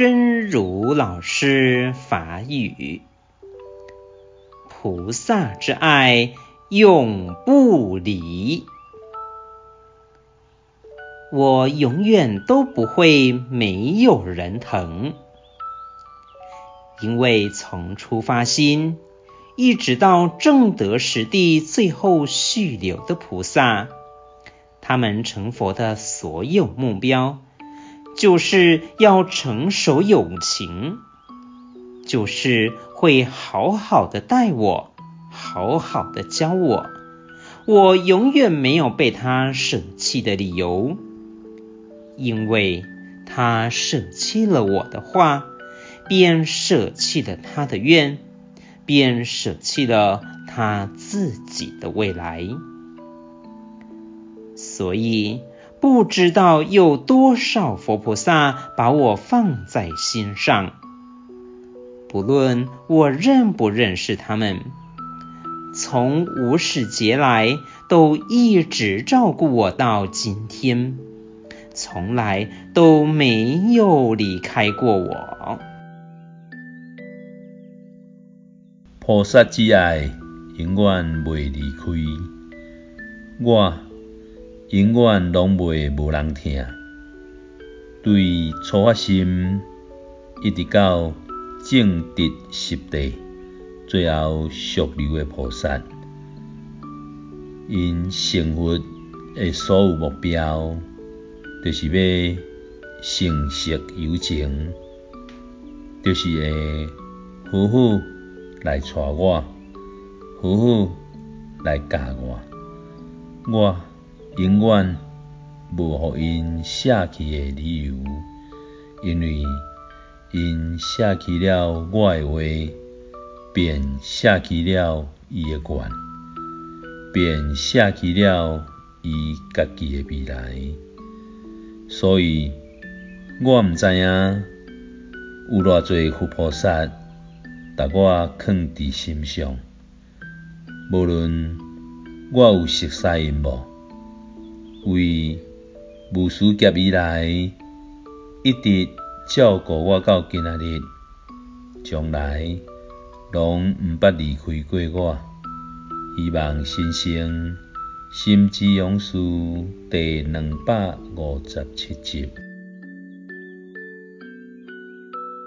真如老師法語，菩薩之愛永不離，我永遠都不會沒有人疼，因為從初發心一直到證得十地，最後續流的菩薩，他們成佛的所有目標。就是要成熟有情，就是會好好的帶我，好好的教我，我永遠沒有被他捨棄的理由。因為他捨棄了我的話，便捨棄了他的願，便捨棄了他自己的未來，所以。不知道有多少佛菩薩把我放在心上，不論我認不認識他們，從無始劫來都一直照顧我到今天，從來都沒有離開過我。菩薩之愛，永遠袂離開我。永遠攏未無人疼，對初發心，一直到證得十地，最後續流誒菩薩，因生活誒所有目標，著、就是要成熟有情，著、就是會好好來帶我，好好來教我，我。永遠無予因捨棄的理由，因為因捨棄了，我的話便捨棄了，伊的願，便捨棄了管，伊家己的未來。所以，我毋知影有偌濟佛菩薩，達我囥佇心上，無論我有熟悉因無。從無始劫來，一直照顧我到今仔日，從來攏毋捌離開過我。希望．新生《心之勇士》第兩百五十七集。